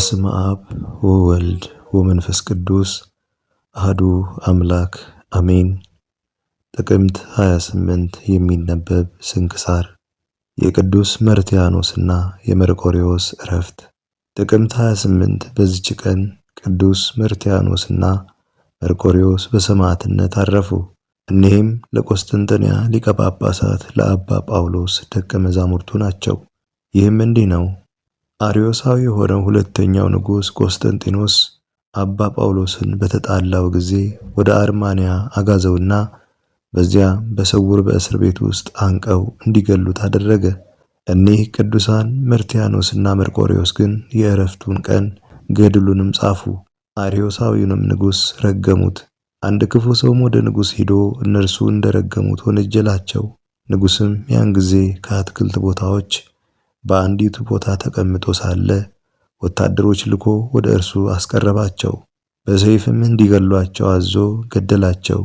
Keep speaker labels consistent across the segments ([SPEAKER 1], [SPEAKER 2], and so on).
[SPEAKER 1] በስመ አብ ወወልድ ወመንፈስ ቅዱስ አህዱ አምላክ አሜን። ጥቅምት 28 የሚነበብ ስንክሳር የቅዱስ መርትያኖስና የመርቆሪዎስ እረፍት ጥቅምት 28 በዚች ቀን ቅዱስ መርትያኖስና መርቆሪዎስ በሰማዕትነት አረፉ። እኒህም ለቆስጥንጥንያ ሊቀ ጳጳሳት ለአባ ጳውሎስ ደቀ መዛሙርቱ ናቸው። ይህም እንዲህ ነው። አርዮሳዊ የሆነው ሁለተኛው ንጉሥ ቆስጠንጢኖስ አባ ጳውሎስን በተጣላው ጊዜ ወደ አርማንያ አጋዘውና በዚያ በስውር በእስር ቤት ውስጥ አንቀው እንዲገሉት አደረገ። እኒህ ቅዱሳን መርቲያኖስና መርቆሪዎስ ግን የእረፍቱን ቀን ገድሉንም ጻፉ። አርዮሳዊውንም ንጉሥ ረገሙት። አንድ ክፉ ሰውም ወደ ንጉሥ ሂዶ እነርሱ እንደረገሙት ወነጀላቸው። ንጉሥም ያን ጊዜ ከአትክልት ቦታዎች በአንዲቱ ቦታ ተቀምጦ ሳለ ወታደሮች ልኮ ወደ እርሱ አስቀረባቸው። በሰይፍም እንዲገሏቸው አዞ ገደላቸው።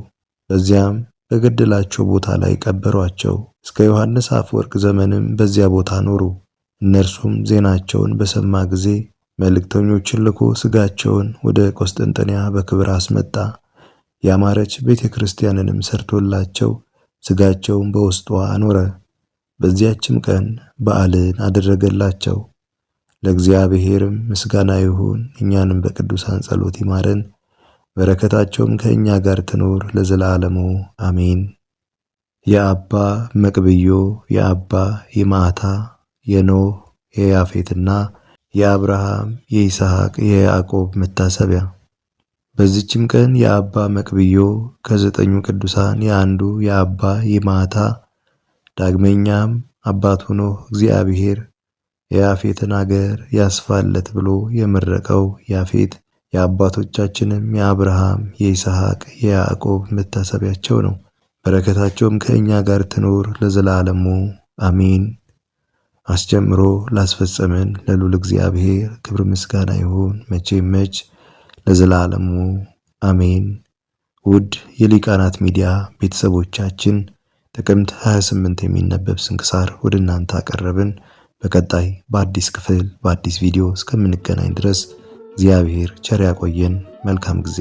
[SPEAKER 1] በዚያም በገደላቸው ቦታ ላይ ቀበሯቸው። እስከ ዮሐንስ አፈወርቅ ዘመንም በዚያ ቦታ ኖሩ። እነርሱም ዜናቸውን በሰማ ጊዜ መልእክተኞችን ልኮ ስጋቸውን ወደ ቆስጠንጠንያ በክብር አስመጣ። ያማረች ቤተ ክርስቲያንንም ሰርቶላቸው ስጋቸውን በውስጧ አኖረ። በዚያችም ቀን በዓልን አደረገላቸው። ለእግዚአብሔርም ምስጋና ይሁን፣ እኛንም በቅዱሳን ጸሎት ይማረን፣ በረከታቸውም ከእኛ ጋር ትኖር ለዘላለሙ አሜን። የአባ መቅብዮ የአባ የማታ የኖህ የያፌትና የአብርሃም የይስሐቅ የያዕቆብ መታሰቢያ። በዚችም ቀን የአባ መቅብዮ ከዘጠኙ ቅዱሳን የአንዱ የአባ ይማታ ። ዳግመኛም አባት ሆኖ እግዚአብሔር የያፌትን አገር ያስፋለት ብሎ የመረቀው ያፌት የአባቶቻችንም የአብርሃም፣ የይስሐቅ፣ የያዕቆብ መታሰቢያቸው ነው። በረከታቸውም ከእኛ ጋር ትኖር ለዘላለሙ አሚን። አስጀምሮ ላስፈጸመን ለሉል እግዚአብሔር ክብር ምስጋና ይሁን መቼም መች ለዘላለሙ አሜን። ውድ የሊቃናት ሚዲያ ቤተሰቦቻችን ጥቅምት 28 የሚነበብ ስንክሳር ወደ እናንተ አቀረብን። በቀጣይ በአዲስ ክፍል በአዲስ ቪዲዮ እስከምንገናኝ ድረስ እግዚአብሔር ቸር ያቆየን። መልካም ጊዜ